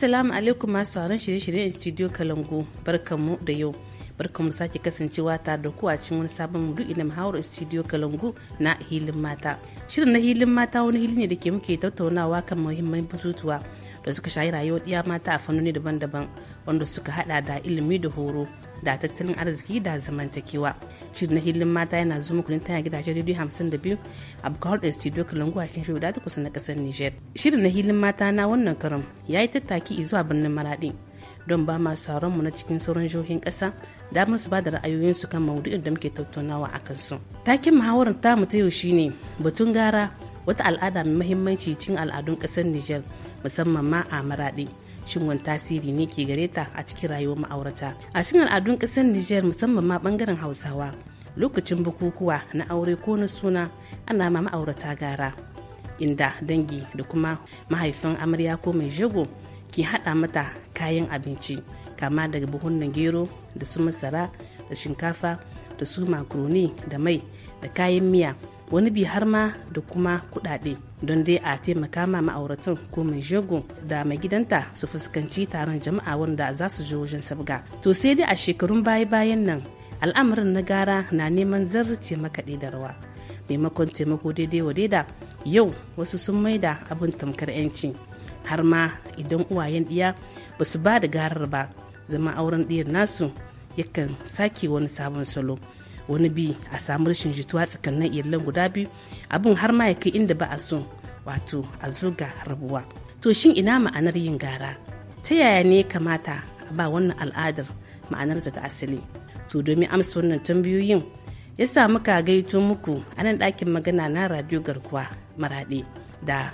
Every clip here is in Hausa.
Assalamu alaikum masu sauran shirye-shiryen Studio Kalango barkanmu da yau. Barkanmu sake kasancewa ta da ku a cikin wani sabon maudu'i na muhawar Studio Kalango na hilin mata. Shirin na hilin mata wani hili ne da ke muke tattaunawa kan muhimman bututuwa da suka shayi rayuwar iya mata a fannoni daban-daban wanda suka hada da ilimi da horo da tattalin arziki da zamantakewa shirin na hilin mata yana zuwa muku ta gidajen rediyo hamsin da biyu a bukawar da studio kalangu a cikin shirin ta kusa na kasar niger shirin na hilin mata na wannan karam ya yi tattaki zuwa birnin maraɗi don ba masu sauran mu na cikin sauran jihohin ƙasa damar su ba da ra'ayoyinsu kan maudu'in da muke tattaunawa a su. takin muhawarar mu ta yau shine batun gara wata al'ada mai mahimmanci cikin al'adun ƙasar niger musamman ma a maraɗi shin wani tasiri ne ke gare ta a cikin rayuwar ma'aurata a cikin al'adun ƙasar niger musamman ma bangaren hausawa lokacin bukukuwa na aure ko na suna ana ma ma'aurata gara inda dangi da kuma mahaifin amarya ko mai jego ke haɗa mata kayan abinci kama daga buhunan gero da su masara da shinkafa da su makaroni da mai da kayan miya wani bi har ma da kuma kuɗaɗe don dai a taimaka ma ma'auratan ko mai jego da mai gidanta su fuskanci taron jama'a wanda za su zo wajen sabga to sai dai a shekarun baya bayan nan al'amarin na gara na neman zarrace makaɗe da rawa maimakon taimako daidai wa daida yau wasu sun da abin tamkar 'yanci har ma idan uwayen ɗiya ba su ba da garar ba zama auren ɗiyar nasu yakan sake wani sabon salo wani bi a samu rashin jituwa tsakanin iyalan guda biyu abin har ma ya kai inda ba a so wato a zo ga rabuwa to shin ina ma'anar yin gara ta yaya ne kamata a ba wannan al'adar ma'anar ta asali to domin amsa wannan tambayoyin ya sa muka gaito muku a nan ɗakin magana na radio garkuwa maraɗe da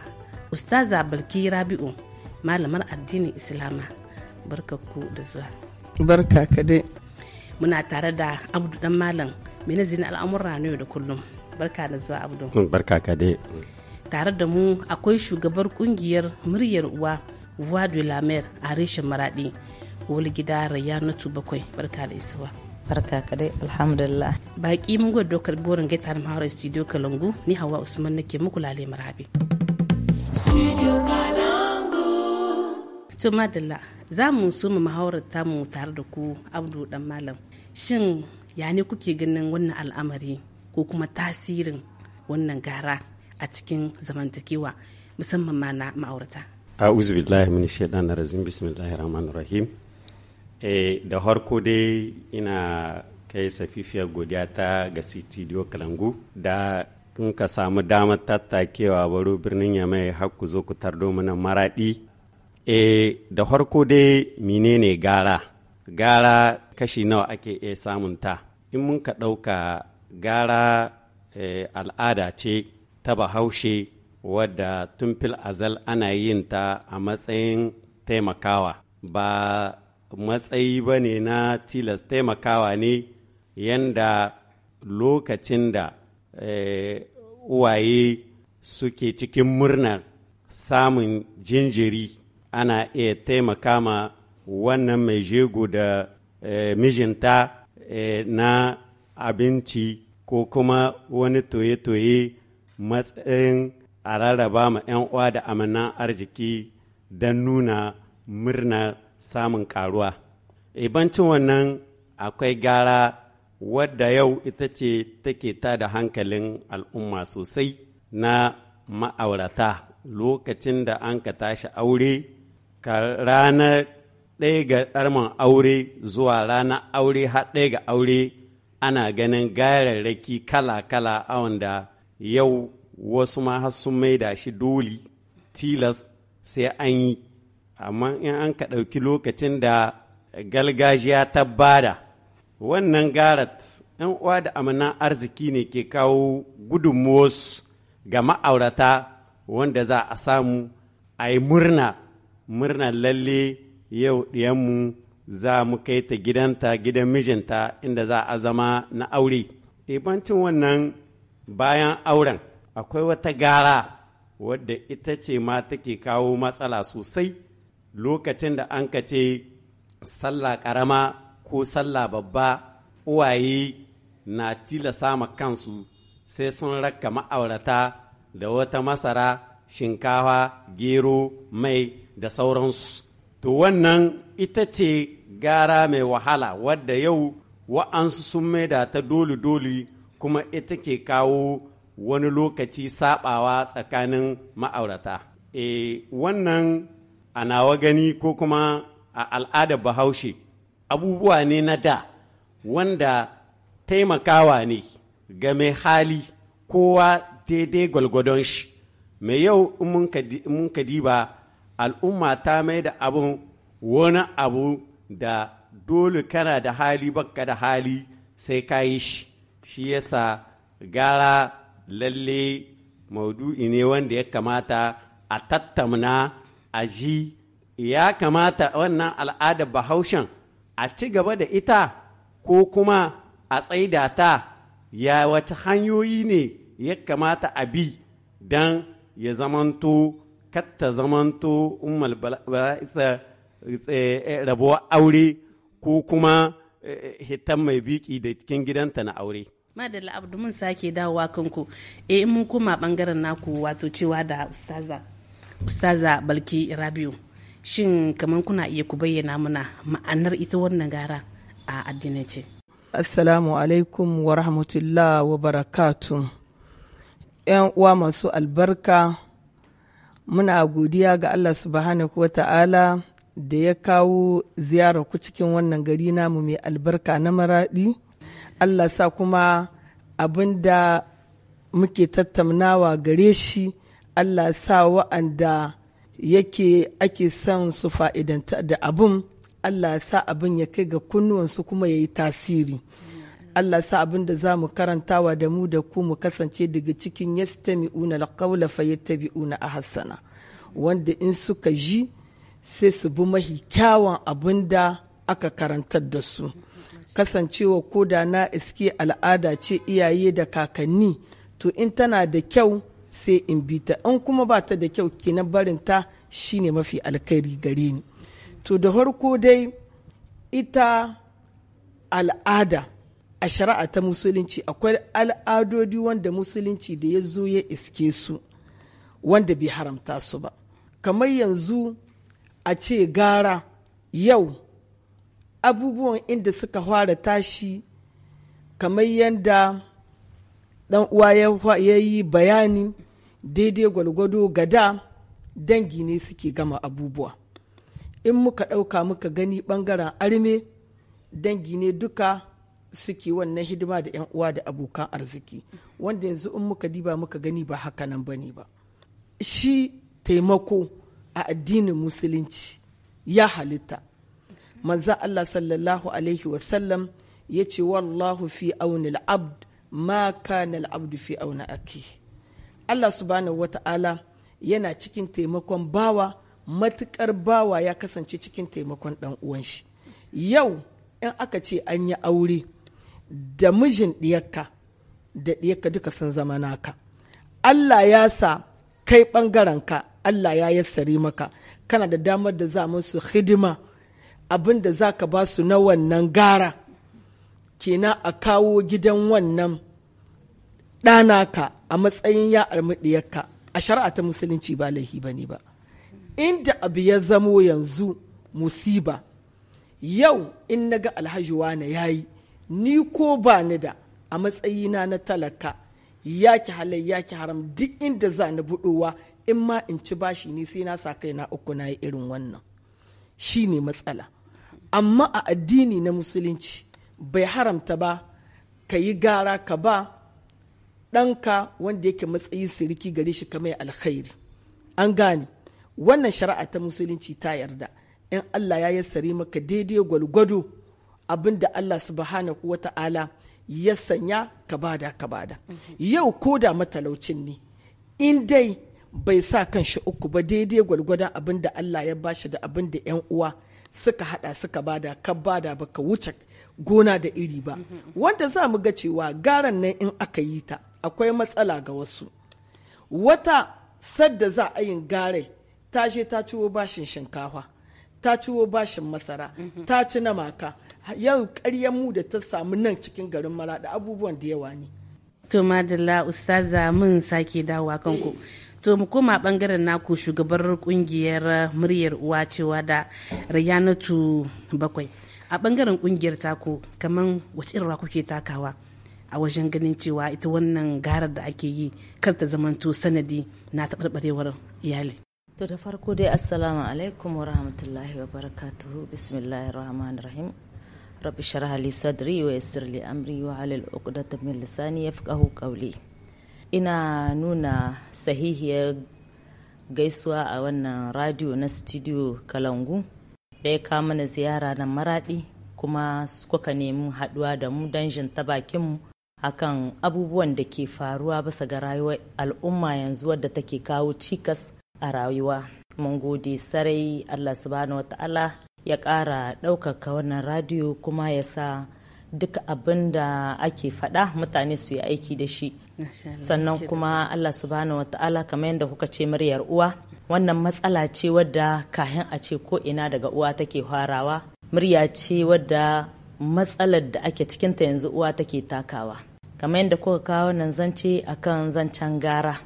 ustaza balki rabi'u malamar addinin islama barka da zuwa barka ka muna tare da abdu dan malam minazin al'amuran na yau da kullum barka da zuwa abdu barka ka dai tare da mu akwai shugabar kungiyar muryar uwa voix de la mer a reshen maradi wani gida rayanatu bakwai barka da isuwa barka ka dai alhamdulillah baki mun gwada dokar borin gaita da mahawar studio kalangu ni hawa usman nake muku lale marabi studio kalangu to madalla za mu so mu tamu tare da ku abdu dan malam shin ya ne kuke ganin wannan al'amari ko kuma tasirin wannan gara a cikin zamantakewa musamman ma na ma'aurata a'udhu billahi min shaitan rajim bismillahir rahmanir rahim eh da harko dai ina kai safifiya godiya ta ga studio kalangu da in ka samu damar tattakewa baro birnin yamai har ku zo ku tardo mana maraɗi Eh da harko dai menene gara gara kashi nawa ake iya samun ta in mun ka ɗauka gara eh, al'ada ce ta bahaushe wadda tun fil azal ana yin ta a matsayin taimakawa ba matsayi ba ne na tilas taimakawa ne yanda lokacin da eh, uwaye suke cikin murnar samun jinjiri ana iya taimaka ma wannan mai jego da eh, mijinta eh, na abinci ko kuma wani toye-toye matsayin a rarraba ma 'yan uwa da amanan arziki don nuna murna samun karuwa. Ibancin eh, wannan akwai gara wadda yau ita ce take ta da hankalin al'umma sosai na ma'aurata lokacin da an ka tashi aure ka ranar ɗaya ga ɗarman aure zuwa rana aure har ɗaya ga aure ana ganin gararraki kala-kala a wanda yau wasu ma har sun maida shi doli tilas sai an yi amma in an ka ɗauki lokacin da galgajiya ta bada wannan garat ‘yan uwa da amanan arziki ne ke kawo gudunmuwarsu ga ma'aurata wanda za a samu a yi murna murna lalle yau ɗiyanmu za mu kai ta gidanta gidan mijinta inda za a zama na aure. Ibancin wannan bayan auren akwai wata gara wadda ita ce ma take kawo matsala sosai lokacin da an ka ce sallah ƙarama ko sallah babba uwaye na tilasa ma kansu sai sun rakka ma'aurata da wata masara shinkawa gero mai da sauransu to wannan ita ce gara mai wahala wadda yau wa'ansu sun maida ta doli-doli kuma ita ke kawo wani lokaci sabawa tsakanin ma'aurata e wannan a nawa gani ko kuma a al'adar bahaushe abubuwa ne na da wanda taimakawa ne ga mai hali kowa daidai gwalgwadon shi mai yau in mun ba. al'umma ta mai da abin wani abu da dole kana da hali baka da hali sai ka yi shi shi yasa gara lalle maudu'i ne wanda ya kamata a tattamna a ji ya kamata wannan al'adar bahaushen a ci gaba da ita ko kuma a tsaida ta ya wata hanyoyi ne ya kamata a bi don ya zamanto katta zamanto ummal bala'isa eh, eh, rabuwar aure ko kuma eh, hitan mai biki da cikin gidanta na aure. Madalla Abdu mun sake dawowa kanku eh mun koma bangaren naku wato cewa da ustaza ustaza Balki Rabiu shin kamar kuna iya ku bayyana mana ma'anar ita wannan gara a ce. Assalamu alaikum wa rahmatullah wa barakatu. ‘Yan uwa masu albarka muna godiya ga Allah subhanahu wa ta'ala da ya kawo ziyarar ku cikin wannan gari namu mai albarka na maraɗi Allah sa kuma abin da muke tattaunawa gare shi Allah sa wa'anda yake ake son su fa'idanta da abin Allah sa abin ya kai ga kunnuwansu kuma ya yi tasiri. Allah sa abin da za mu karantawa da mu da ku mu kasance daga cikin ya yastami'una una a Hassana wanda in suka ji sai su bi mahi kyawun abin da aka karantar da su kasancewa ko da na iske al'ada ce iyaye da kakanni to in tana da kyau sai in bi ta in kuma ba ta da kyau kenan ta shine mafi alkhairi gare ni to da farko dai ita al'ada a shari'a ta musulunci akwai al'adodi wanda musulunci da ya zo ya iske su wanda bai haramta su ba kamar yanzu a ce gara yau abubuwan inda suka fara tashi kamar yadda dan uwa ya yi bayani daidai gwalgwado gada dangi ne suke gama abubuwa in muka ɗauka muka gani ɓangaren arme dangi ne duka suke wannan hidima da 'yan uwa da abokan arziki wanda yanzu in muka diba muka gani ba haka nan ba ba shi taimako a addinin musulunci ya halitta manza Allah sallallahu alaihi wasallam ya ce wallahu fi auni al'abd ma kana al'abdu fi auni aki Allah subhanahu wata'ala yana cikin taimakon bawa matukar bawa ya kasance cikin taimakon dan uwan shi yau in aka ce an yi aure da mijin ɗiyarka da ɗiyarka duka sun zama naka Allah ya sa kai ɓangarenka Allah ya yassari maka kana da damar da za musu hidima abin da za ka ba su na wannan gara Kena a kawo gidan wannan ɗanaka a matsayin ya ɗiyarka a shari'a ta musulunci ba laihi ba ne ba inda abu ya zamo yanzu musiba yau in na ga alhaji wane ya yi ni ko ba ni da a matsayina na talaka ya ki halai ya ki haram duk inda za ni buɗowa in ma in ci bashi ne sai na sa kai na uku na yi irin wannan shi ne matsala amma a addini na musulunci bai haramta ba ka yi gara ka ba ɗanka wanda yake matsayin siriki gare shi kamar alkhairi an gane wannan shari'a ta musulunci ta yarda in allah ya yi sari maka daidai gwalgwado abin da Allah subhanahu wa ta'ala ya sanya ka bada ka bada yau ko da matalaucin ne in dai bai sa kan shi uku ba daidai gwalgwadon abin da Allah ya bashi da abin da 'yan uwa suka hada suka bada ka bada ba ka wuce gona da iri ba wanda za mu ga cewa garan nan in aka yi ta akwai matsala ga wasu wata sadda za a yin gare ta je ta ciwo bashin shinkafa ta ciwo bashin masara mhm. ta ci na maka yau ƙaryen mu da ta samu nan cikin garin da abubuwan da yawa ne to madalla ustaza mun sake dawowa kanku eh. to mu koma bangaren naku shugabar kungiyar muryar uwa cewa da rayanatu bakwai a bangaren kungiyar taku kaman wace irwa kuke takawa a wajen ganin cewa ita wannan garar da ake yi kar ta zamanto sanadi na taɓarɓarewar iyali To da farko dai assalamu alaikum wa rahmatullahi wa barakatuhu bismillahir rahmanir rahim rabbi shrah li sadri wa yassir li amri wa halil uqdatam min lisani yafqahu qawli ina nuna sahihiyar gaisuwa a wannan radio na studio Kalangu da ya kama mana ziyara na maradi kuma kuka nemi haduwa da mu danjin ta bakin mu akan abubuwan da ke faruwa bisa ga rayuwar al'umma yanzu wadda take kawo cikas a rayuwa mun gode sarai allah subhanahu wata'ala ya ƙara ɗaukaka wannan radiyo kuma ya sa duk abin da ake faɗa mutane su yi aiki da shi sannan kuma allah subhanahu wata'ala kamar yadda kuka ce muryar uwa wannan matsala ce wadda kahin a ce ko ina daga uwa take farawa murya ce wadda matsalar da ake cikinta yanzu uwa take takawa kamar yadda kuka kawo nan zance akan zancen gara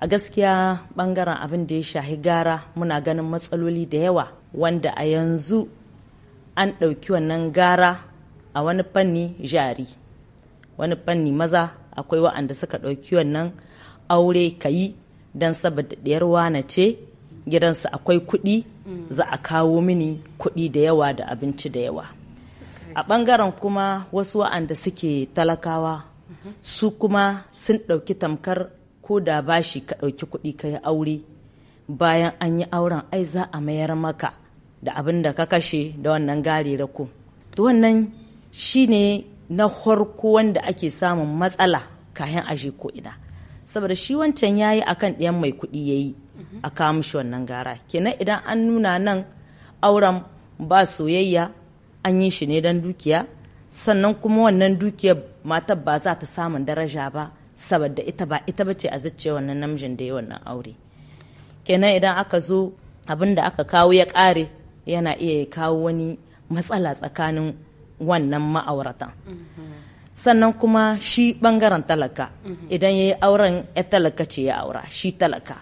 a gaskiya bangaren abin da ya shahi gara muna ganin matsaloli da yawa wanda a yanzu an ɗauki wannan gara a wani fanni jari wani fanni maza akwai wa'anda suka ɗauki wannan aure kayi yi don saboda ɗayar wane ce gidansa akwai kuɗi mm. za a kawo mini kuɗi da yawa da abinci da yawa a ɓangaren kuma wasu wa'anda suke talakawa mm-hmm. su kuma sun ɗauki tamkar ko da bashi ka ɗauki kuɗi ka yi aure bayan an yi auren ai za a mayar maka da abin da ka kashe da wannan gari rako to wannan ne na farko wanda ake samun matsala kayan aje ko ina saboda shi wancan ya yi akan ɗiyan mai kuɗi ya yi a kawo wannan gara kenan idan an nuna nan auren ba soyayya an yi shi ne don dukiya sannan kuma wannan dukiyar matar ba za ta samun daraja ba saboda ita ba ita bace a zace wannan namijin da ya wannan aure kenan idan aka zo abin da aka kawo ya ƙare yana iya kawo wani matsala tsakanin wannan ma'auratan sannan kuma shi bangaren talaka idan ya yi auren ya talaka ce ya aura shi talaka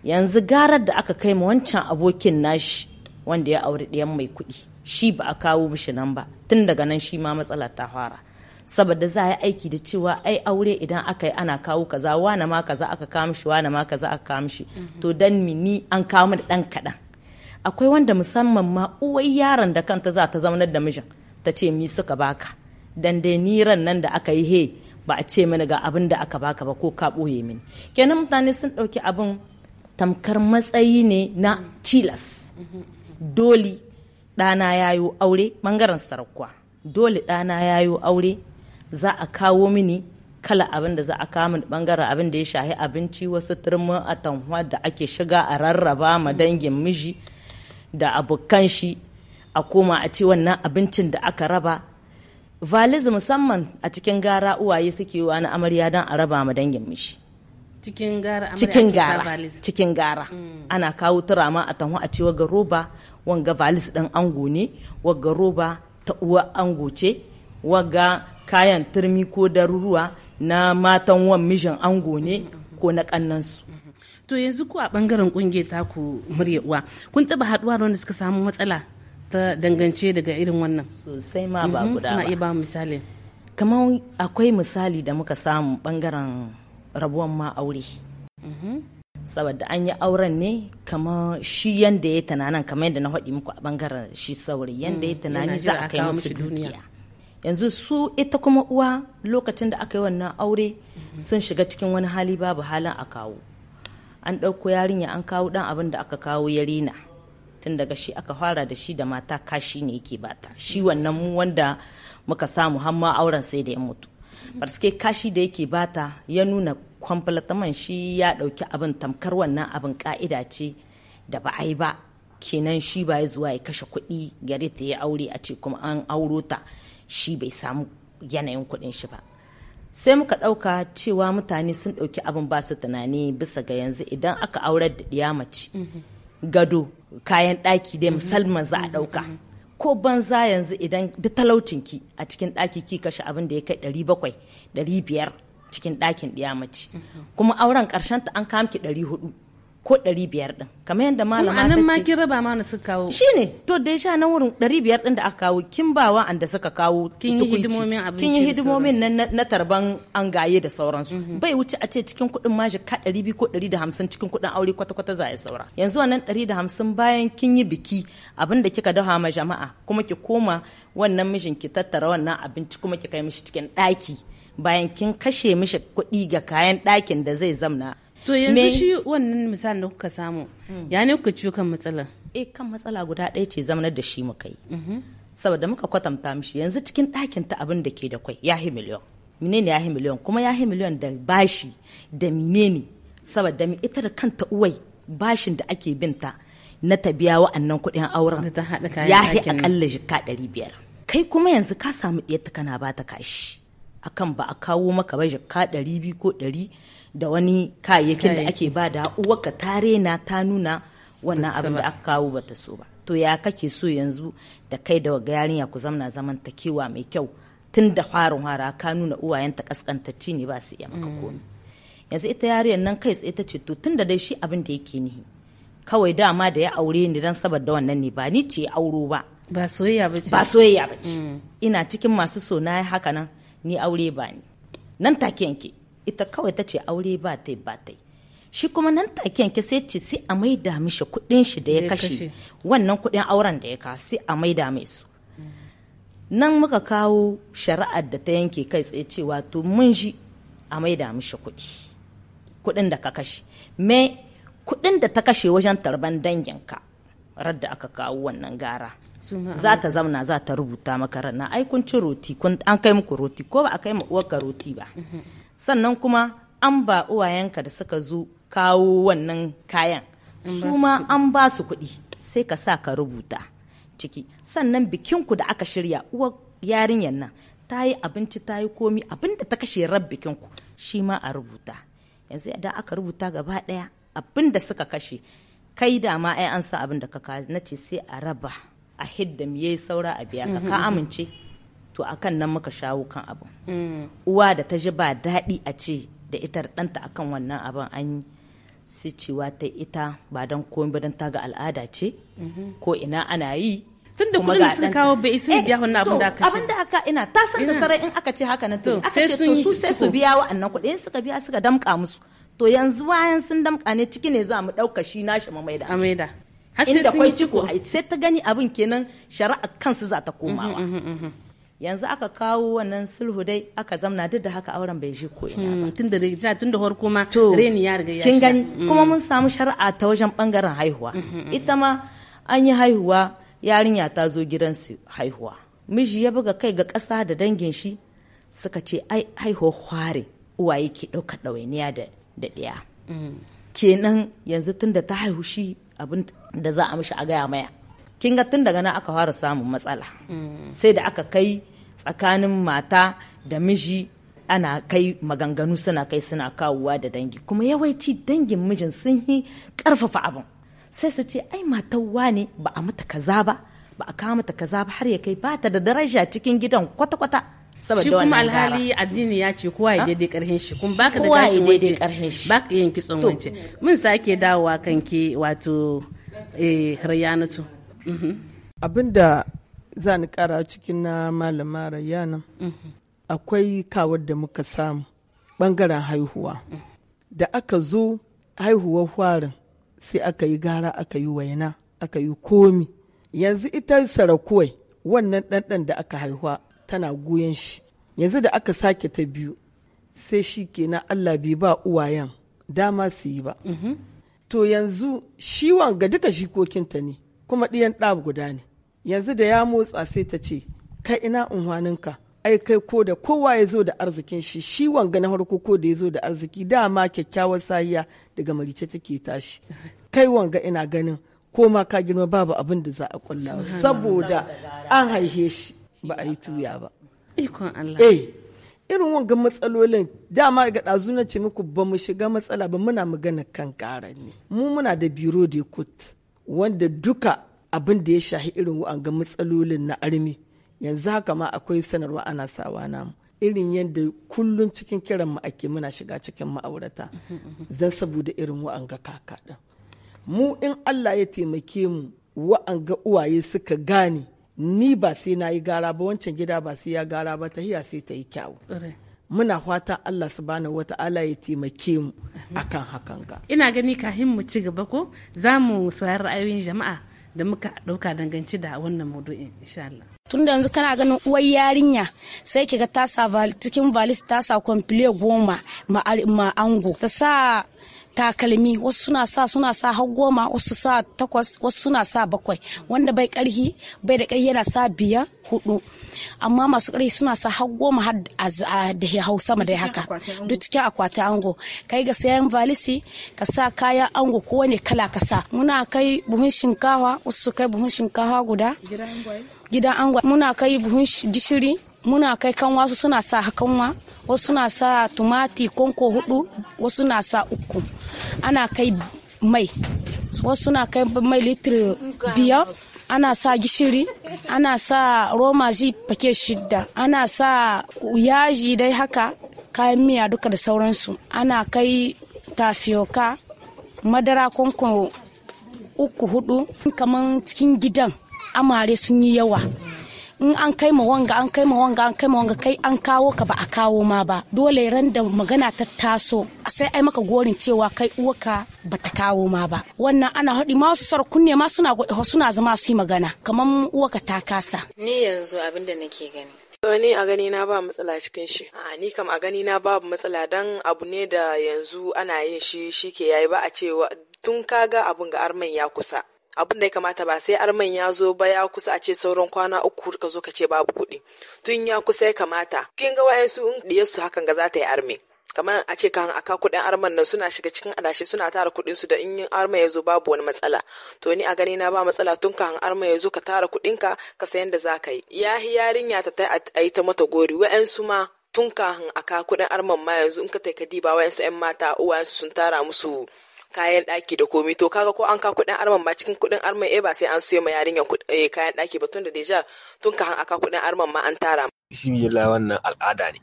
yanzu garar da aka kai ma wancan abokin nashi wanda ya auri ɗiyan mai kuɗi shi ba a kawo mishi nan ba tun daga nan shi ma matsala ta fara saboda za a yi aiki da cewa ai aure idan aka yi ana kawo kaza wane ma kaza aka kawo mishi wane ma kaza aka kawo mishi mm-hmm. to dan mini an kawo mu da dan kaɗan akwai wanda musamman ma uwai yaron da kanta za ta zaunar da mijin ta ce mi suka baka dan dai ran nan da aka yi he ba a ce mini ga abin da aka baka ba ko ka boye mini kenan mutane sun ɗauki abin tamkar matsayi ne na tilas doli dana yayo aure bangaren sarakuwa dole ɗana yayo aure za a kawo mini kala abin da za a kawo mini bangaren abin da ya shahi abinci wasu turmin atamwa da ake shiga a rarraba ma dangin miji da abokan shi a koma a ci wannan abincin da aka raba valiz musamman a cikin gara uwaye suke wa na amarya don a raba ma dangin miji cikin gara cikin gara cikin mm. gara ana kawo turama a tanwa a ci waga roba wanga valis din ango ne wanga roba ta uwa ango ce wanga. kayan turmi ko daruruwa na matan wan mijin ango ne ko na kannansu to yanzu ku a bangaren kungiyar taku murya uwa kun taba haduwa da wanda suka samu matsala ta dangance daga irin wannan sosai ma ba mhm, guda ba na iya ba misali kamar akwai misali da muka samu bangaren rabuwan ma aure mhm. saboda an yi auren ne kamar shi yanda ya tunanin kamar yadda na haɗi muku a bangaren shi saurayi yanda ya mm, tunani za a kai musu dukiya yanzu su ita kuma uwa lokacin da aka yi wannan aure sun shiga cikin wani hali babu halin a kawo an ɗauko yarinya an kawo ɗan abin da aka kawo ya rina tun daga shi aka fara da shi da mata kashi ne yake bata shi wannan mu wanda muka samu hamma auren sai da ya mutu barske kashi da yake bata ya nuna kwamfalataman shi ya ɗauki abin tamkar wannan abin ka'ida ce da ba a ba kenan shi ba ya zuwa ya kashe kuɗi gare ta ya aure a ce kuma an auro ta shi bai samu yanayin kuɗin shi ba sai muka ɗauka cewa mutane sun ɗauki abin ba su tunani bisa ga yanzu idan aka aurar da ɗiya mace gado kayan ɗaki dai musamman za a ɗauka ko banza yanzu idan da ki a cikin ɗaki ki kashe abin da ya kai ɗari bakwai ɗari biyar cikin ɗakin ɗiya mace kuma auren ƙarshen ta an kamki ɗari hudu ko ɗari biyar din kamar yadda malama ta ce ma kin raba mana suka kawo shine to da sha nan wurin ɗari biyar din da aka kawo kin ba wa anda suka kawo kin yi hidimomin abinci kin yi hidimomin na tarban an gaye da sauransu mhm. bai wuce a ce cikin kuɗin maji ka ɗari biyu ko ɗari da hamsin cikin kuɗin aure kwata kwata za yi saura yanzu wannan hamsin bayan kin yi biki abin da kika dafa ma jama'a kuma ki koma wannan mijin ki tattara wannan abinci kuma ki kai mishi cikin ɗaki bayan kin kashe mishi kuɗi ga kayan ɗakin da zai zamna to yanzu shi wannan misalin da kuka samu hmm. ya ne kuka ciwo kan matsala e eh, kan matsala guda ɗaya ce zama da shi muka yi mhm. saboda muka kwatanta mishi yanzu cikin ɗakin ta abin da ke da kwai ya miliyon menene ya miliyon kuma ya miliyon da bashi da menene saboda ita da kanta uwai bashin da ake binta na ta biya wa'annan kuɗin auren ya yi akalla jika ɗari biyar kai kuma yanzu ka samu ɗiyarta kana ba ta kashi akan ba a kawo maka ba jikka ɗari biyu ko ɗari da wani kayayyakin da ake ba da ka tare na ta nuna wannan abin da aka kawo bata so ba to ya kake so yanzu da kai da waga yarinya ku zamna zaman ta kewa mai kyau tun da farin hara ka nuna ta kaskantacci ne ba su iya maka mm. komi yanzu ita yarinyar nan kai tsaye ta ce to tun da dai shi abin da yake nihi kawai dama da ya aure ni dan saboda wannan ne ba ni ce auro ba ba soyayya ba ce mm. ina cikin masu so na haka nan ni aure ba ni nan take yanke ita kawai ta ce aure ba ta ba ta shi kuma nan take yanke sai ce sai a maida mishi kuɗin shi da ya kashe wannan kuɗin auren da ya ka sai a maida mai su nan muka kawo shari'ar da ta yanke kai tsaye cewa to mun ji a maida mishi kuɗi kuɗin da ka kashe me kuɗin da ta kashe wajen tarban danginka radda aka kawo wannan gara za ta zauna za ta rubuta maka ranar ai kun ci roti an kai muku roti ko ba a kai ma uwarka roti ba mhm. sannan kuma an ba uwayenka da suka zo kawo wannan kayan su ma an ba su kuɗi sai ka sa ka rubuta ciki sannan bikinku da aka shirya uwa yarinyar nan ta yi abinci ta yi komi abin da ta kashe rab bikinku shi ma a rubuta yanzu idan aka rubuta gaba ɗaya abin da suka kashe kai da ma ai an sa abin da ka na ce sai a raba a hidda miye saura a biya ka amince to a kan nan muka shawo kan abu mm. uwa da ta ji ba daɗi a ce da ita ɗanta kan wannan abin an yi cewa ta ita ba don komi ba don ta ga al'ada ce mm-hmm. ko ina ana yi tun da kudin sun suka kawo bai sun biya eh, wannan abin da aka abin da aka ina ta san da sarai in aka ce haka na to aka ce to su sai su biya wa'annan kuɗi in suka biya suka damƙa musu to yanzu wayan sun damƙa ne ciki ne za mu ɗauka shi nashi maida. amaida inda kwai ciko sai ta gani abin kenan shari'a kansu za ta komawa mm-hmm, mm-hmm, yanzu aka kawo wannan sulhu dai aka zamna duk da haka auren bai je ko ina ba hmm, tun da har kuma reni ya riga ya kin gani hmm. kuma mun samu shari'a ta wajen bangaren haihuwa hmm, ita ma an yi haihuwa yarinya ta zo gidan su haihuwa miji ya buga kai ga ƙasa da dangin shi suka ce ai haihuwa kware uwaye ke ɗauka ɗawainiya da da ɗaya kenan yanzu tun da ta haihu shi abin da za a mishi a gaya maya Kinga ga tun daga nan aka fara samun matsala sai da aka kai tsakanin mata da miji ana kai maganganu suna kai suna kawowa da dangi kuma yawanci dangin mijin sun yi karfafa abin sai su ce ai matawa ne ba a mata kaza ba ba a kawo mata kaza ba har ya kai ba ta da daraja cikin gidan kwata-kwata saboda kuma alhali addini ya ce kowa ya ah? daidai karhin shi kuma baka da gashin shi baka yin kitson wance mun sake dawowa kanke wato eh mhm. Abin da za ni kara cikin na malama rayana akwai kawar da muka samu bangaren haihuwa da aka zo haihuwar farin sai aka yi gara aka yi waina aka yi komi yanzu ita sarakuwai wannan ɗanɗan da aka haihuwa tana goyon shi yanzu da aka sake ta biyu sai shi kenan allah bai ba uwayen dama su yi ba mhm. to yanzu shi ga duka shikokinta ne kuma ɗiyan ɗa guda ne yanzu da ya motsa sai ta ce kai ina unhwaninka ai kai ko da kowa ya zo da arzikin shi shi wanga na farko ko da ya zo da arziki dama kyakkyawar sahiya daga marice take tashi kai wanga ina ganin ko ma ka girma babu abin da za a kulla saboda an haihe shi ba a yi tuya ba ikon Allah eh irin wanga matsalolin dama ga ɗazu na ce muku ba mu shiga matsala ba muna magana kan ƙara ne mu muna da biro de kut wanda duka abin da ya shahi irin wa'anga matsalolin na armi yanzu haka ma akwai sanarwa ana sawa namu irin yadda kullum cikin kiran mu ake muna shiga cikin ma'aurata zan saboda irin wa'anga kaka din mu in Allah ya taimake mu wa'anga uwaye suka gane ni ba sai na yi gara ba wancan gida ba sai ya gara ba ta tahiya sai ta yi kyawu muna fatan Allah su wata wata'ala ya taimake mu akan hakan ga ina gani kahin mu ci gaba ko za mu sayar ra'ayoyin jama'a da muka ɗauka danganci da wannan maudu'in inshallah Tun da yanzu kana ganin uwar yarinya sai kiga tasa cikin valis tasa sa goma ma ango ta sa takalmi wasu suna sa suna sa har goma wasu sa takwas wasu suna sa bakwai wanda bai karhi bai da karhi yana sa biya hudu amma masu karhi suna sa har goma har da hau sama da haka duk cikin akwatin ango kai ga sayan valisi ka sa kayan ango ko wani kala ka sa muna kai buhun shinkawa wasu kai buhun shinkawa guda gidan ango muna kai buhun gishiri muna kai kanwa wasu suna sa kanwa wasu suna sa tumati konko hudu wasu suna sa uku ana kai mai wasu suna kai mai litiri biyar ana sa gishiri ana sa roma ji fake shidda ana sa yaji dai haka kayan miya duka da sauransu ana kai tafioka madara konko uku hudu kaman cikin gidan amare sun yi yawa in an kai ma wanga an kai ma wanga an kai ma wanga kai an kawo ka ba a kawo ma ba dole ran da magana ta taso sai ai maka gorin cewa kai uwaka ba ta kawo ma ba wannan ana haɗi ma wasu sarkunne ma suna suna zama su yi magana kamar uwaka ta kasa ni yanzu abin da nake gani ni a gani na ba matsala cikin shi a ni kam a gani na babu matsala dan abu ne da yanzu ana yin shi shike yayi ba a cewa tun kaga abun ga arman ya kusa abin da ya kamata ba sai arman ya zo ba ya kusa a ce sauran kwana uku ka zo ka ce babu kuɗi tun ya kusa ya kamata kin ga su in diyar su hakan ga za ta yi armi. kamar a ce kan aka kuɗin arman nan suna shiga cikin adashi suna tara kuɗin su da in yin arman ya zo babu wani matsala to ni a gani na ba matsala tun kan arman ya zo ka tara kuɗin ka ka sayan da za ka yi ya yarinya ta ta a yi ta mata gori su ma tun kan a kuɗin arman ma yanzu in ka taika diba su 'yan mata uwayensu sun tara musu kayan ɗaki da komi to kaga ko an ka kuɗin arman ma cikin kuɗin arman eh ba sai an siyo ma yarinyar eh, kayan ɗaki ba tunda deja tun ka han aka kuɗin arman ma an tara. bismillah wannan al'ada ne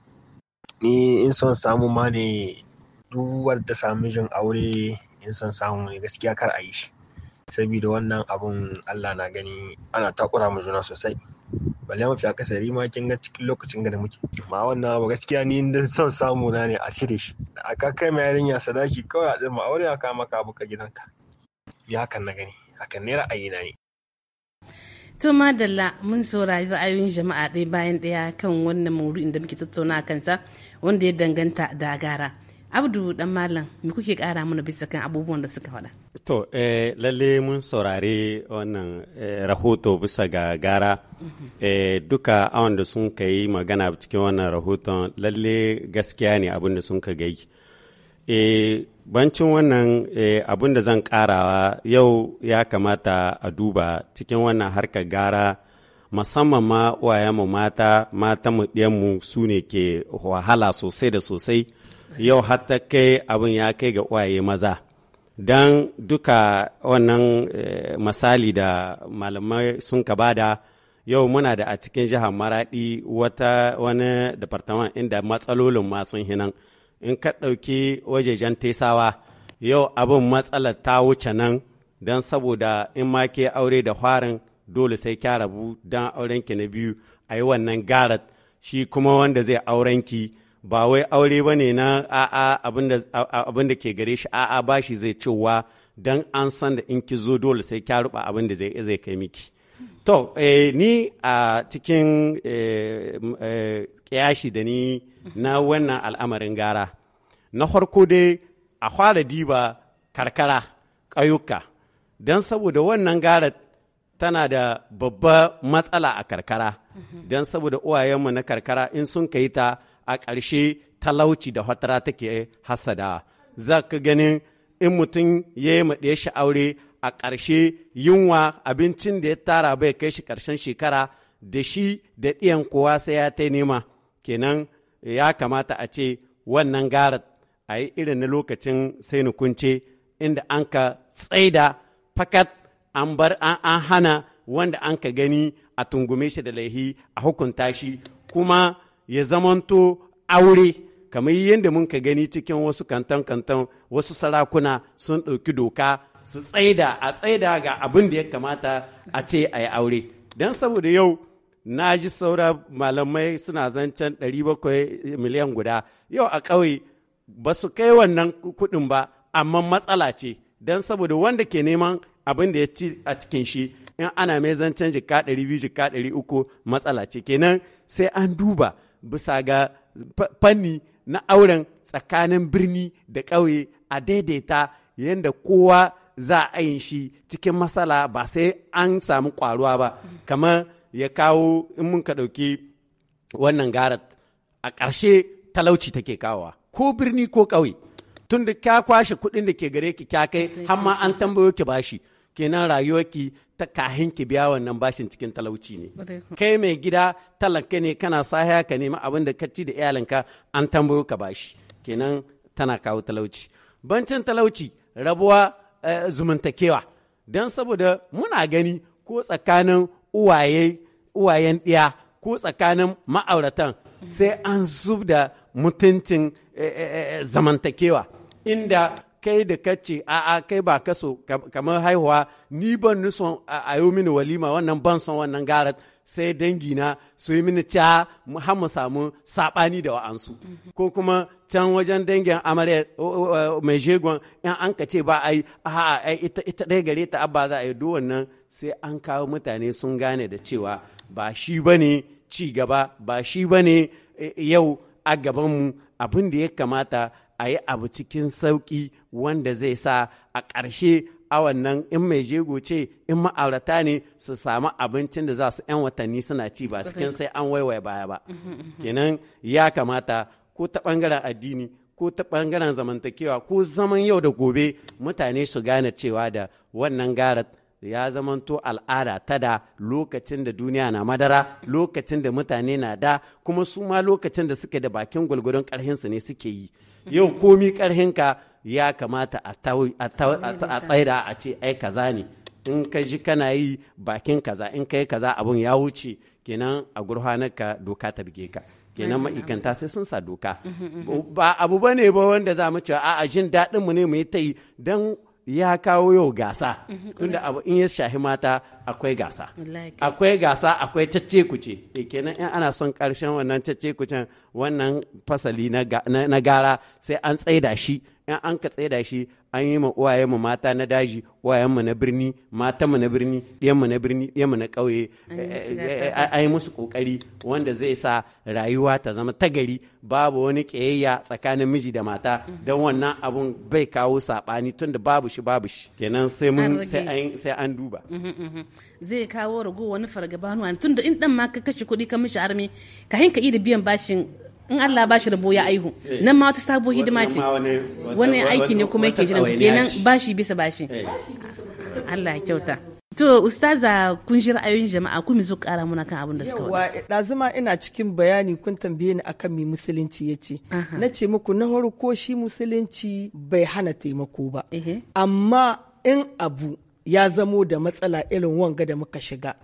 ni in son samu ma ne duwar da samu jin aure in son samu ne gaskiya kar a yi shi saboda wannan abun Allah na gani ana takura mu juna sosai bale mafi akasari ma kin ga cikin lokacin da muke ma wannan ba gaskiya ni dan son samu na ne a cire shi a ka kai mai yarinya sadaki kawai a ɗin aure a kama ka abu ka gidanka ni hakan na gani hakan ne ra'ayi na ne to madalla mun saurari ra'ayoyin jama'a ɗaya bayan ɗaya kan wannan maudu'in da muke tattauna kansa wanda ya danganta da gara abdu dan malam me kuke kara mana bisa kan abubuwan da suka faɗa To, eh, lalle mun saurari wannan eh, rahoto bisa ga gara eh, duka awon da sun ka magana cikin wannan rahoton lalle gaskiya ne abin da sun ka gai. Eh, bancin wannan eh, abin da zan karawa yau ya kamata a duba cikin wannan harka gara musamman ma wayanmu mata mata mu mu su ne ke wahala sosai da sosai yau hatta kai abin ya kai ga waye maza. don duka wannan eh, misali da malamai sun ka bada yau muna da a cikin jihar maradi wata wani departaman inda matsalolin ma sun hinan in ka ɗauki wajejen tesawa yau abin matsalar ta wuce nan don saboda in ma ke aure da farin dole sai kya rabu don aurenki na biyu a yi wannan garat shi kuma wanda zai auren ki ba wai aure ba ne na a'a abin da ke gare shi a'a ba shi zai cewa don an san da in ki zo dole sai kya ruba abin da zai kai miki to eh, ni a cikin eh, eh, kiyashi da ni na wannan al'amarin gara na farko dai a fara diba karkara ƙayuka don saboda wannan gara tana da babba matsala a karkara don saboda uwayenmu na karkara in sun kai ta a ƙarshe talauci da hatara take hasada za ka ganin in mutum ya yi maɗe shi aure a ƙarshe yunwa abincin da ya tara bai kai shi ƙarshen shekara da shi da ɗiyan kowa sai ya ta nema kenan ya kamata a ce wannan gara a yi irin na lokacin sai nukunce inda an ka tsaida fakat an bar an hana wanda an ka gani a tungume shi da laihi a hukunta shi kuma ya zamanto aure kamar yadda mun ka gani cikin wasu kantan-kantan wasu sarakuna sun ɗauki doka su tsaida a tsaida ga abin da ya kamata a ce a yi aure don saboda yau na ji saura malamai suna zancen 700 miliyan guda yau a ƙauye ba su kai wannan kuɗin ba amma matsala ce don saboda wanda ke neman abin da ya ci a cikin shi in ana mai zancen jika 200 jika 300 matsala ce kenan sai an duba bisa ga fanni na auren tsakanin birni da ƙauye a daidaita yadda kowa za a yin shi cikin matsala ba sai an samu ƙwaruwa ba kamar ya kawo in mun ka ɗauki wannan garat a ƙarshe talauci take kawowa ko birni ko ƙauye tun da ka kwashe kuɗin da ke gare ki kya kai har ma an tambayo ki bashi kenan rayuwarki ta kahin ki biya wannan bashin cikin talauci ne kai mai gida talanka ne kana sahaya ka nema abin da ka ci da iyalinka an tambayo ka bashi kenan tana kawo talauci bancin talauci rabuwa eh, zumuntakewa don saboda muna gani ko tsakanin uwayen ɗiya ko tsakanin ma'auratan sai an zub da mutuncin eh, eh, zamantakewa inda kai da kace a'a kai ba kaso kamar haihuwa ni ban nuson a yi mini walima wannan ban son wannan gara sai dangina su yi mini ta har mu samu sabani da wa'ansu mm-hmm. ko kuma can wajen dangin amarya mai jegon in an ka ce ba a a'a a ita ɗaya gare ta abba za a yi wannan sai an kawo mutane sun gane da cewa ba shi ba ne ci gaba ba shi ba ne e, yau a gabanmu abin da ya kamata a yi abu cikin sauƙi wanda zai sa a ƙarshe a wannan in mai jego ce in ma'aurata ne su samu abincin da za su 'yan watanni suna ci ba cikin sai an waiwaya baya ba kenan ya kamata ko ta ɓangaren addini ko ta ɓangaren zamantakewa ko zaman yau da gobe mutane su gane cewa da wannan garat ya zamanto al'ada ta da lokacin da duniya na madara lokacin da mutane na da kuma su ma lokacin da suke da bakin gwalgwadon karhinsu ne suke yi yau komi karhinka ya kamata a tsaida a ce ai kaza ne in ka ji kana yi bakin kaza in ka yi kaza abun ya wuce kenan a gurhanarka doka ta bige ka kenan ma'aikanta sai sun sa doka mhm, mhm, ba mhm. abu bane ba wanda za mu ce a'a jin daɗin mu ne mu yi ta yi don ya kawo yau gasa mhm, tunda abu in ya shahi mata akwai gasa akwai gasa akwai cacce kuce eh, kenan in ana son karshen wannan cacce kucen wannan fasali na gara sai an tsaida shi in an ka tsaida shi an yi ma mu mata na daji mu na birni mu na birni mu na birni mu na ƙauye an yi musu kokari eh, eh, eh, wanda zai sa rayuwa ta zama tagari babu wani ƙiyayya tsakanin miji da mata mm-hmm. don wannan abun bai kawo saɓani tunda babu shi babu shi kenan sai mun sai an duba mm-hmm, mm-hmm. zai kawo rago wani fargaba tunda in dan ma ka kashe kuɗi ka mishi armi ka hinka da biyan bashin in Allah ba shi rabo ya aihu nan ma wata sabuwar hidima ce wani aiki ne kuma yake jiran kenan bashi bisa bashi eh. Allah kyauta To ustaza kun ji ra'ayoyin jama'a kun mi zo kara muna kan abin da suka wada. zuma ina cikin bayani kun tambaye ni akan mi musulunci yace ce. Na ce muku na ko shi musulunci bai hana taimako ba. Amma in abu ya zamo da matsala irin wanga da muka shiga.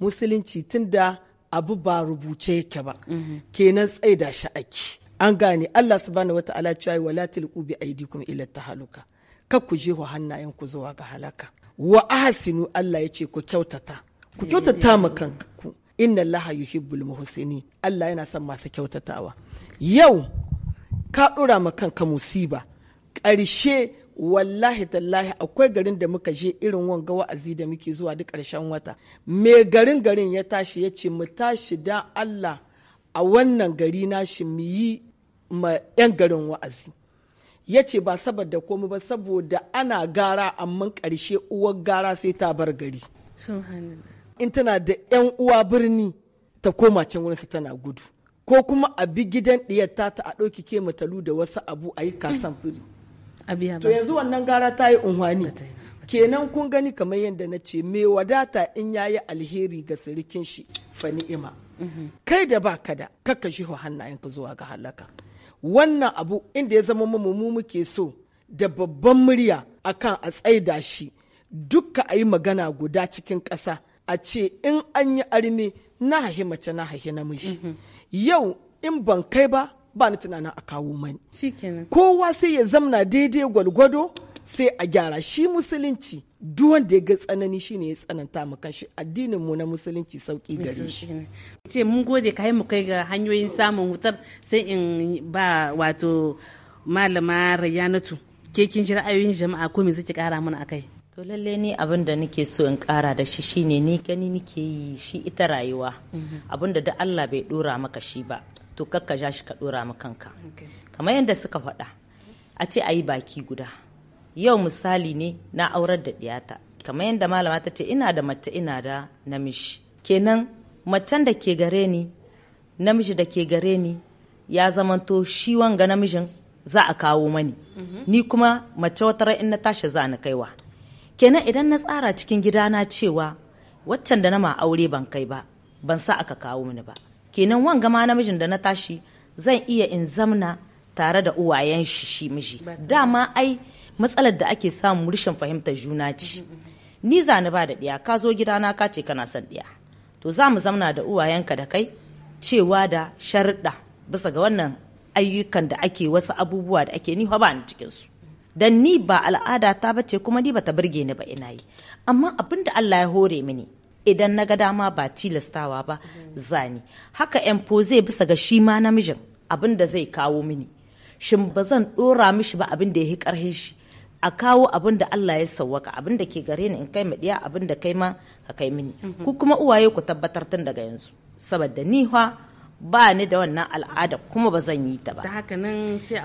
Musulunci tunda abu ba rubuce yake ba mhm. kenan tsaida shi ake an gane Allah subhanahu wata'ala cewa wala tilqu bi aidikum ila tahaluka kar ku je wa hannayen ku zuwa ga halaka wa ahsinu Allah yace ku kyautata ku kyautata ma kanku inna Allah yuhibbul muhsinin Allah yana son masu kyautatawa yau ka dora ma kanka musiba ƙarshe wallahi tallahi akwai garin da muka je irin wanga wa'azi da muke zuwa duk ƙarshen wata me garin garin ya tashi ya ce mu tashi da Allah a wannan gari nashi mu yi ma 'yan garin wa'azi ya ce ba saboda komai ba saboda ana gara amma ƙarshe uwar gara sai ta bar gari in tana da 'yan uwa birni ta koma can wurinsa tana gudu ko kuma a bi gidan ɗiyar ta a ɗauki ke matalu da wasu abu a yi kasan firi to yanzu wannan gara ta yi unhwani kenan kun gani kamar yadda na ce me wadata in ya yi alheri ga sirikin shi fa ni'ima mhm. kai da ba ka da kakka shi hannayenka zuwa ga halaka wannan abu inda ya zama mu mu muke so da babban murya akan a tsaida shi dukka a yi magana guda cikin ƙasa a ce in an yi arme na hahi mace na hahi namiji mhm. yau in ban kai ba ba ni tunanin a kawo mani kowa sai ya zamna daidai gwalgwado sai a gyara shi musulunci duk wanda ya ga tsanani shine ya tsananta mu kanshi addinin mu na musulunci sauki gare shi ce mun gode kai mu kai ga hanyoyin samun wutar sai in ba wato malama rayanatu ke kin ji ra'ayoyin jama'a ko me suke kara mana akai to lallai ni abin da nake so in kara da shi shine ni gani nake yi shi ita rayuwa mhm. abin da da Allah bai dora maka shi ba to kakka ja shi ka dora ma kanka kamar yadda suka faɗa a ce a yi baki guda yau misali ne na aurar da ɗiyata kamar yadda malama ta ce ina da mace ina da namiji kenan macen da ke gare ni namiji da ke gare ni ya zamanto shi wanga namijin za a kawo mani mhm. ni kuma mace wata in na tashi za na kaiwa kenan idan na tsara cikin gidana cewa waccan da na ma aure ban kai ba ban sa aka kawo mini ba kenan wanga ma namijin da na tashi zan iya in zamna tare da uwayen shi shi miji dama ai matsalar da ake samu rashin fahimtar juna ce mm, mm, mm, ni zani ba da ɗiya ka zo gidana ka ce kana son ɗiya to za mu zamna da uwayenka da kai cewa da sharuɗa bisa ga wannan ayyukan da ake wasu abubuwa da ake niwa ba ni cikinsu dan ni ba al'ada ta bace kuma ni bata burge ni ba ina yi amma abin da Allah ya hore mini idan na ga dama ba tilastawa ba zani haka zai bisa ga shi ma namijin abin da zai kawo mini shin ba zan dora mishi ba abin da ya yi karhin shi a kawo abin da Allah ya sawwaka abin da ke gare ni in kai ma abin da kai ma ka kai mini mhm. ku kuma uwaye ku tabbatar tun daga yanzu saboda ni fa ba ni da wannan al'ada kuma ba zan yi ta ba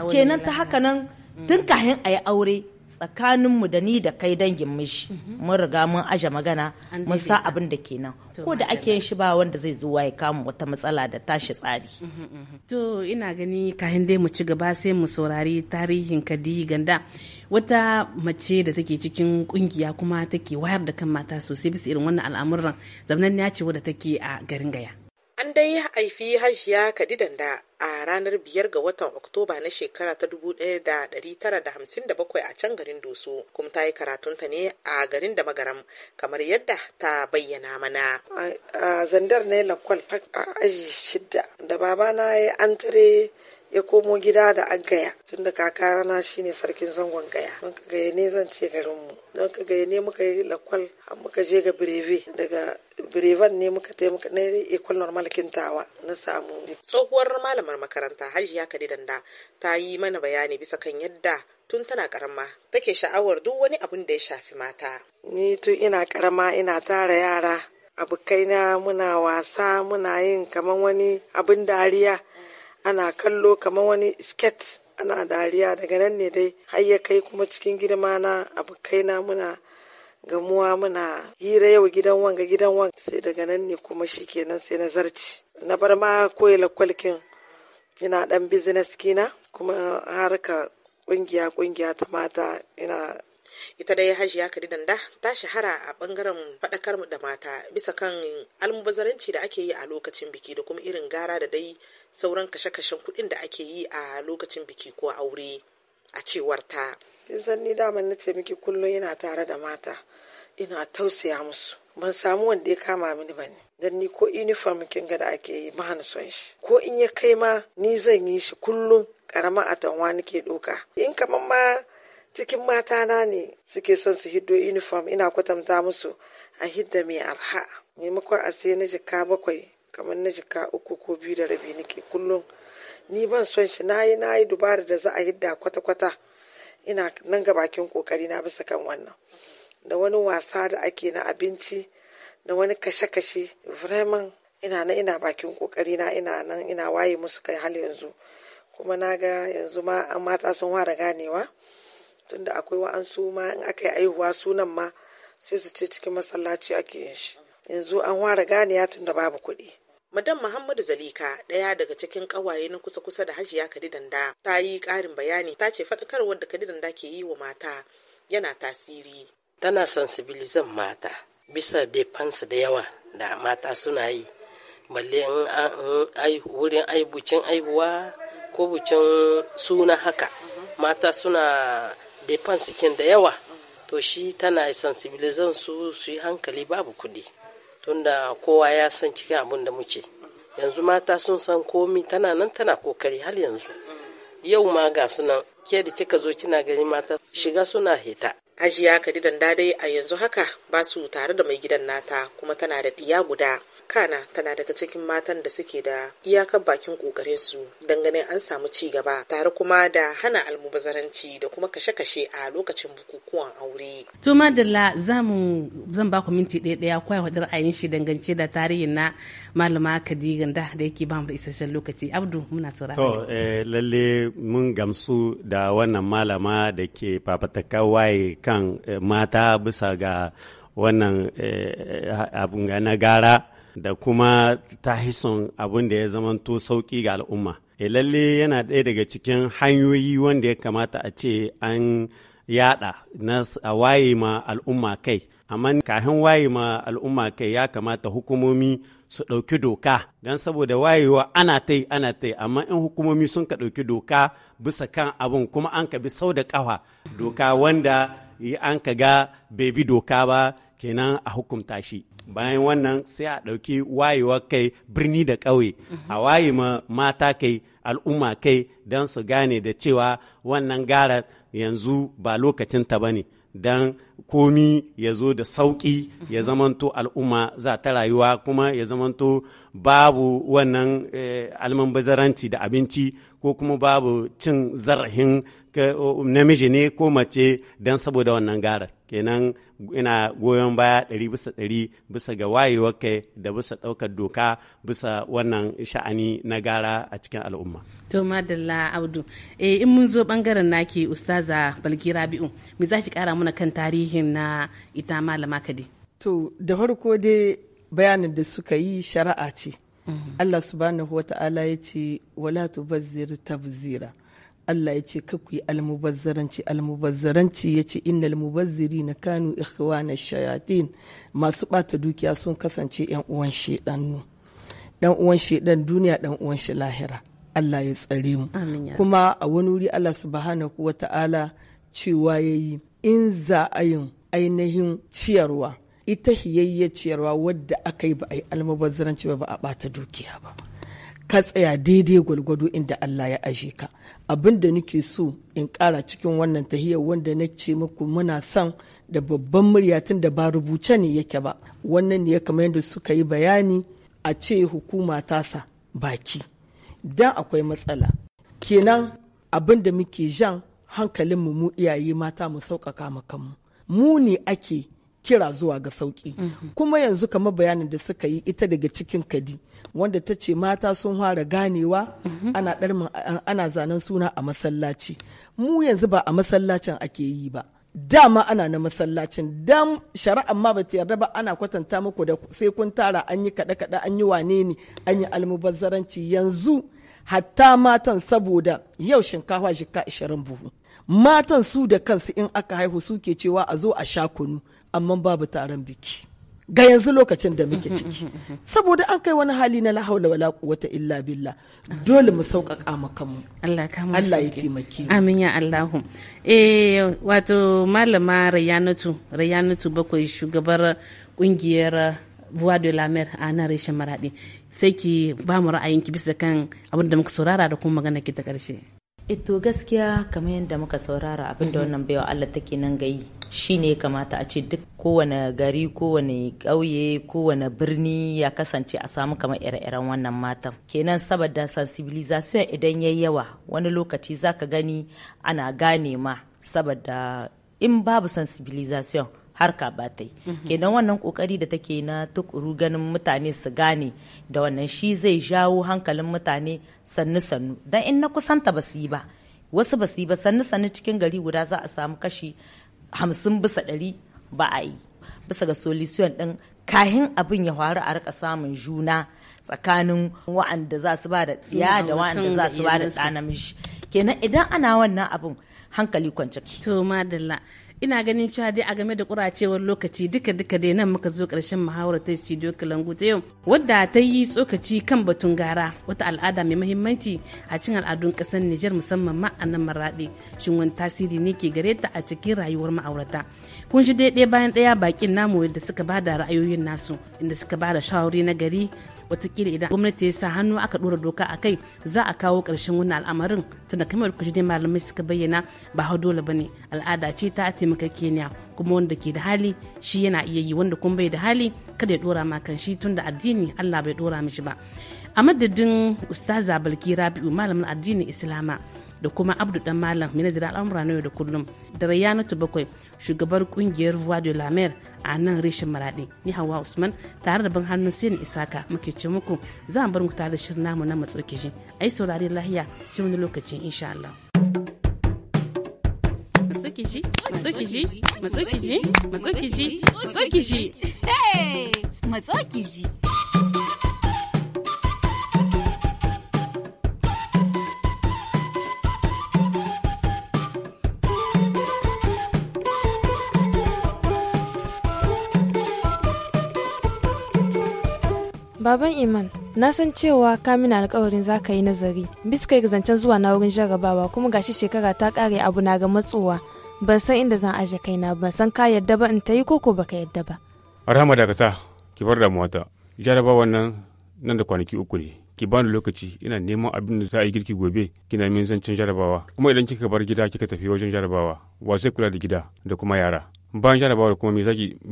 kenan ta haka nan tun mm. kahin a yi aure tsakaninmu da ni da kai dangin mishi mun riga mun aje magana mun sa abin da ke nan ko da ake yin shi ba wanda zai zuwa ya kama wata matsala da tashi tsari mhm, mhm. to ina gani kahin dai mu ci gaba sai mu saurari tarihin kadi ganda wata mace da take cikin kungiya kuma take wayar da kan mata sosai bisa irin wannan al'amuran zamanin ya ce wadda take a garin gaya an dai haifi hajiya kadi danda a ranar biyar ga watan Oktoba na shekara ta dubu da da da tara hamsin bakwai a can garin Doso kuma ta yi karatunta ne a garin da magaram kamar yadda ta bayyana mana. A zandar ne lakwal a aji shidda da babana ya antare ya komo gida da agaya. tunda kakana shine sarkin zangon gaya don ka gaya ne zan ce garinmu don ka gaya ne muka yi lakwal muka je ga bireve daga birevan ne muka taimaka na ikon normal kintawa na samu tsohuwar malamar makaranta hajiya kadidanda ta yi mana bayani bisa kan yadda tun tana karama take sha'awar duk wani abun da ya shafi mata ni tun ina karama ina tara yara abokaina muna wasa muna yin kaman wani abin dariya ana kallo kamar wani sket ana dariya daga nan ne dai har ya kai kuma cikin girma na abokaina muna gamuwa muna hira yau gidan wanga gidan wanga sai daga nan ne kuma shi kenan sai na zarci na bar ma koyi lakwalkin ina dan business kina kuma harka kungiya kungiya ta mata ina ita dai hajiya danda ta shahara a bangaren faɗakar da mata bisa kan almubazaranci da ake yi a lokacin biki da kuma irin gara da dai sauran kashe-kashen kudin da ake yi a lokacin biki ko aure a cewar ta zan ni dama na ce miki kullum yana tare da mata ina tausaya musu ban samu wanda ya kama mini bane dan ni ko uniform kin ga da ake yi ma shi ko in ya kai ma ni zan yi shi kullum karama a tanwa nake doka in kaman ma cikin mata na ne suke son su hiddo uniform ina kwatanta musu a hidda mai arha maimakon a sai na jika bakwai kamar na jika uku ko biyu da rabi nake kullum ni ban son shi na yi dubara da za a hidda kwata-kwata ina nan ga bakin kokari na bisa kan wannan da wani wasa da ake na abinci da wani kashe-kashe vraiment ina nan ina bakin kokari na ina nan ina waye musu kai hal yanzu kuma na ga yanzu ma an mata sun wara ganewa tunda akwai wa'ansu ma in aka yi aihuwa sunan ma sai su ce cikin masallaci ake yin shi yanzu an ware ganiya tunda babu kuɗi Madam Muhammadu Zalika ɗaya daga cikin ƙawaye na kusa-kusa da Hajiya Kadidanda ta yi ƙarin bayani ta ce faɗakarwar da Kadidanda ke yi wa mata yana tasiri. Tana sensibilizan mata bisa defansu da yawa da mata suna yi balle wurin aibucin aibuwa ko bucin suna haka mata suna defense kin da yawa to shi tana sensibilizan su su yi hankali babu kudi tunda kowa ya san cikin abin da muke yanzu mata sun san komi tana nan tana kokari har yanzu yau ma ga sunan ke da kika zo kina gani mata shiga suna hita ajiya kadidan dadai a yanzu haka ba su tare da mai gidan nata kuma tana da diya guda kana tana daga cikin matan da suke da iyakar bakin kokarin su dangane an samu ci gaba tare kuma da hana almubazaranci da kuma kashe-kashe a lokacin bukukuwan aure. To madalla zamu zan baku minti ɗaya ɗaya kwaya wadar ayin shi dangance da tarihin na malama Kadigan da da yake ba mu da isasshen lokaci. Abdu muna saurara. To eh, lalle mun gamsu da wannan malama da ke fafataka waye kan eh, mata bisa ga wannan eh, abun na gara da kuma tahison abin da ya zamanto sauƙi ga al'umma. E lalle yana ɗaya daga cikin hanyoyi wanda ya kamata a ce an yaɗa na a waye ma al'umma kai. Amma kahin waye ma al'umma kai ya kamata hukumomi su ɗauki doka don saboda wayewa ana ta yi ana ta yi amma in hukumomi sun ka ɗauki doka bisa kan abin kuma an ka bi sau da ƙafa doka wanda an ka ga bai bi doka ba kenan a hukumta shi bayan wannan sai a ɗauki wayewa kai birni da ƙauye a waye ma mata kai al'umma kai don su gane da cewa wannan gara yanzu ba lokacinta ba ne don komi ya zo da sauƙi ya zamanto al'umma za ta rayuwa kuma ya zamanto babu wannan eh, bazaranci da abinci ko kuma babu cin zarahin namiji ne ko mace don saboda wannan gara kenan ina goyon baya ɗari bisa ɗari bisa ga wayewar kai da bisa ɗaukar doka bisa wannan sha'ani na gara a cikin al'umma. to madalla abdu e, eh, in mun zo bangaren naki ustaza balki rabi'u me za ki kara mana kan tarihin na ita malama kadi. to da farko dai bayanin da suka yi shari'a ce. Mhm. Allah subhanahu wa ta'ala ya ce wala tubazzir tabzira. Allah ya ce ku yi almubazzaranci almubazzaranci ya ce inna mubazziri na kanu na shayatin masu bata dukiya sun kasance yan uwan shedannu dan uwan shedan duniya dan uwan shi lahira Allah ya tsare mu kuma a wani wuri Allah subhanahu wata'ala cewa yayi in za a yin ainihin ciyarwa ita hiyayya ciyarwa wadda aka yi ba a yi almubazzaranci ba ba a bata dukiya ba ka tsaya daidai gwalgwado inda Allah ya aje ka abin da nake so in ƙara cikin wannan tahiyar wanda na ce muku muna son da babban murya tun da ba rubuce ne yake ba wannan ne ya kamar yadda suka yi bayani a ce hukuma tasa baki dan akwai matsala kenan abin da muke jan hankalinmu mu iyaye mata mu sauƙaƙa mu kanmu mu ne ake kira zuwa ga sauki mhm. kuma yanzu kamar bayanin da suka yi ita daga cikin kadi wanda ta ce mata sun fara ganewa mhm. ana ana zanen suna a masallaci mu yanzu ba a masallacin ake yi ba dama ana na masallacin dam shari'a ma bata yarda ba ana kwatanta muku da sai kun tara an yi kaɗe kaɗe an yi wane ne an yi almubazzaranci yanzu hatta matan saboda yau shinkafa jika 20 buhu matan su da kansu in aka haihu suke cewa a zo a sha kunu amma babu taron biki ga yanzu lokacin da muke ciki saboda an kai wani hali na la haula wala quwwata illa billah dole mu sauƙaƙa mu kanmu Allah ka mu Allah ya taimake amin ya Allahu eh wato malama Rayanatu Rayanatu bakwai shugabar kungiyar Voix de la Mer a nan reshen Maraɗi sai ki ba mu ra'ayin ki bisa kan abin da muka saurara da kuma magana ki ta karshe. Ito eh, gaskiya kamar yadda muka saurara abin da wannan baiwa Allah take nan gayi shi ne kamata a ce duk kowane gari kowane ƙauye kowane birni ya kasance a samu kamar ire-iren wannan matan kenan saboda sensibilisation idan ya yawa wani lokaci za ka gani ana gane ma saboda in babu sensibilisation harka ba ta yi mhm. kenan wannan kokari da take na tukuru ganin mutane su gane da wannan shi zai jawo hankalin mutane sannu-sannu don in na kusanta ba su yi ba wasu ba su yi ba sannu-sannu cikin gari guda za a samu kashi hamsin bisa ɗari ba a yi bisa ga solution ɗin kahin abin ya faru a rika samun juna tsakanin wa'anda za su ba da tsiya da wa'anda za su ba da ɗa namiji kenan idan ana wannan abin hankali kwance. to madalla ina ganin cewa dai a game da kuracewar lokaci duka duka dai nan muka zo karshen muhawara ta studio kalangu ta yau wadda ta yi tsokaci kan batun gara wata al'ada mai mahimmanci a cikin al'adun kasar Nijar musamman ma a nan maraɗi shin wani tasiri ne ke gare ta a cikin rayuwar ma'aurata kun shi dai bayan ɗaya bakin namu yadda suka ba da ra'ayoyin nasu inda suka bada da shawari na gari watakila idan gwamnati ya sa hannu aka dora doka a kai za a kawo ƙarshen wannan al'amarin tunda kamar kuji dai malamai suka bayyana ba hau dole bane al'ada ce ta taimaka taimakakeniya kuma wanda ke da hali shi yana iya yi wanda kuma bai da hali kada ya dora ma kan shi tunda addini Allah bai dora mishi ba a madadin ustaza balki rabi'u malamin addinin islama da kuma abdu dan malam minajira al'amura na yau da kullum da na bakwai shugabar kungiyar ruwa de la mer a nan reshen maradi ni hawa usman tare da ban hannun sin isaka muke ce muku za mu bar mu tare da shirin namu na kishi ai saurari lahiya sai wani lokaci insha Allah kishi matso kishi matsokiji matso kishi Baban Iman, na san cewa ka mini alkawarin za ka yi nazari, bisa ga zancen zuwa na wurin jarrabawa kuma gashi shekara ta ƙare abu na ga matsowa. Ban san inda zan aje kaina, ban san ka yadda ba in ta yi koko baka yadda ba. daga dakata, ki bar damuwata. jarrabawa nan nan da kwanaki uku ne. Ki bani lokaci ina neman abin da za a yi girki gobe kina min zancen jarrabawa Kuma idan kika bar gida kika tafi wajen jarrabawa wa zai kula da gida da kuma yara. bayan jarabawar kuma me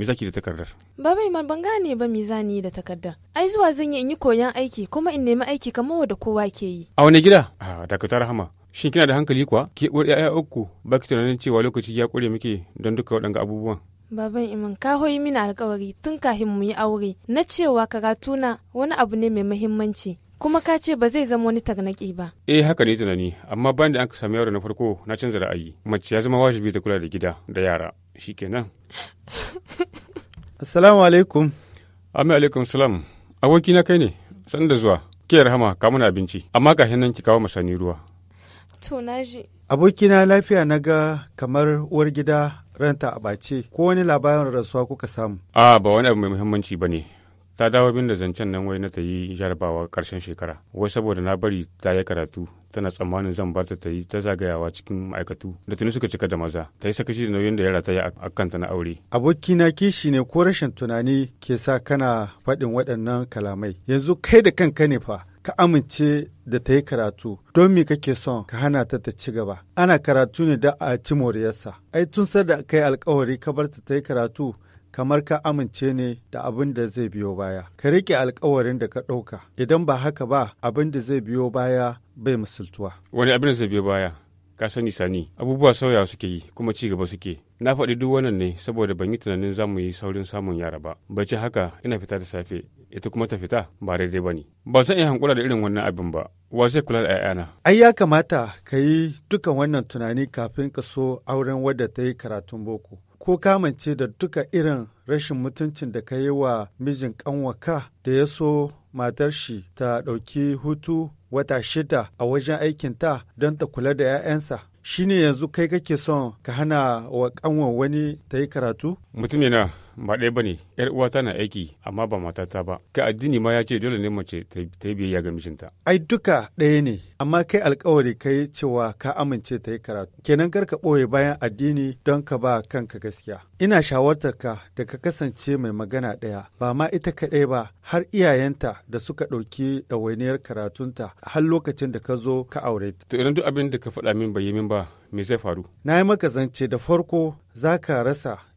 zaki da takardar Babai ma ban gane ba mizani da takardar ai zuwa zan yi in yi koyon aiki kuma in nemi aiki kamar da kowa ke yi a wani gida a dakatar rahama. shin kina da hankali kuwa ke uwar ya'ya uku ba ki tunanin cewa lokaci ya kure muke don duka waɗanga abubuwan baban iman ka hoyi mini alkawari tun kafin mu yi aure na cewa karatu na wani abu ne mai muhimmanci kuma ka ce ba zai zama wani tarnaƙi ba. Eh haka ne tunani, amma bayan da an samu yaro na farko na canza ra'ayi, mace ya zama wajibi ta kula da gida da yara. kenan. assalamu alaikum amin alaikum salam aboki na kai ne san da zuwa ke rahama ka mana abinci amma ka nan ki kawo masani ruwa to na ji aboki na lafiya na ga kamar uwar gida ranta a bace ko wani labarin rasuwa kuka samu a ba wani abu mai muhimmanci ba ne. ta dawo bin da zancen nan wai na ta yi jarabawa karshen shekara wai saboda na bari ta yi karatu tana tsammanin zan bar ta ta yi ta zagayawa cikin ma'aikatu da tuni suka cika da maza ta yi sakaci da nauyin da yara ta yi a kanta na aure. aboki na kishi ne ko rashin tunani ke sa kana faɗin waɗannan kalamai yanzu kai da kanka ne fa ka amince da ta yi karatu don me kake son ka hana ta ta ci gaba ana karatu ne da a ci moriyarsa ai tun da kai alkawari ka bar ta ta yi karatu kamar ka amince ne da abin da zai biyo baya. Ka riƙe alkawarin da ka ɗauka, idan ba haka ba abin da zai biyo baya bai misaltuwa. Wani abin da zai biyo baya? Ka sani sani, abubuwa sauya suke yi kuma ci gaba suke. Na faɗi duk wannan ne saboda ban yi tunanin za mu yi saurin samun yara ba. bacci haka ina fita da safe, ita kuma ta fita ba daidai ba ne. Ba zan iya hankula da irin wannan abin ba, wa zai kula da 'ya'yana. Ai ya kamata ka yi dukan wannan tunani kafin ka so auren wadda ta yi karatun boko. ko kamance da duka irin rashin mutuncin da ka yi wa mijin ƙanwaka da ya so matar shi ta ɗauki hutu wata shida a wajen aikinta don ta kula da 'ya'yansa shi ne yanzu kai kake son ka hana wa kanwa wani ta yi karatu? Mutum yana ba ɗaya ba ne yar uwa tana aiki amma ba matata ba ka addini ma ya ce dole ne mace ta yi biyayya ga mijinta ai duka ɗaya ne amma kai alkawari kai cewa ka amince ta yi karatu kenan kar ka ɓoye bayan addini don ka ba kanka gaskiya ina shawartar ka da ka kasance mai magana ɗaya ba ma ita kaɗai ba har iyayenta da suka ɗauki ɗawainiyar karatunta har lokacin da ka zo ka aure ta to idan duk abin da ka faɗa min bai yi min ba me zai faru na yi maka zance da farko za ka rasa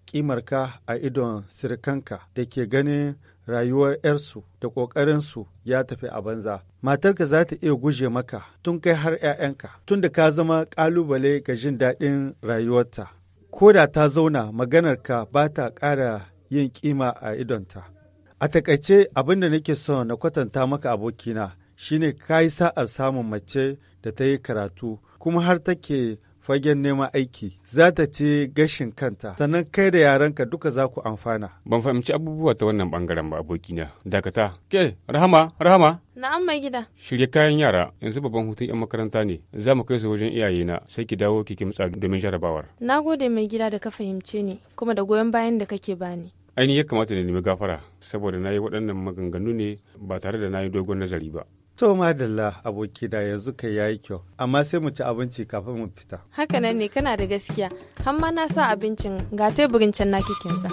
ka a idon sirkanka da ke ganin rayuwar 'yarsu da ƙoƙarinsu ya tafi a banza. Matarka za ta iya guje maka tun kai har 'ya'yanka, tun da ka zama ƙalubale ga jin daɗin rayuwarta. Ko da ta zauna maganarka ba ta ƙara yin ƙima a idonta. A taƙaice abin da nake son na kwatanta maka abokina shine ka yi sa'ar samun mace da ta yi karatu kuma har take fagen neman aiki za ta ci gashin kanta sannan kai da yaranka duka za ku amfana. Ban fahimci abubuwa ta wannan bangaren ba abokina. Dakata, ke rahama rahama. Na'am mai gida. Shirya kayan yara yanzu babban hutun 'yan makaranta ne za mu kai su wajen iyaye na sai ki dawo ki kimtsa domin jarabawar. Na gode mai gida da ka fahimce ni kuma da goyon bayan da kake bani. ainihin ya kamata na nemi gafara saboda na yi waɗannan maganganu ne ba tare da na yi dogon nazari ba To madalla aboki da yanzu kai yayi kyau amma sai mu ci abinci kafin mu fita. hakanan ne kana da gaskiya. Hamma na sa abincin ga teburin can na kikinsa.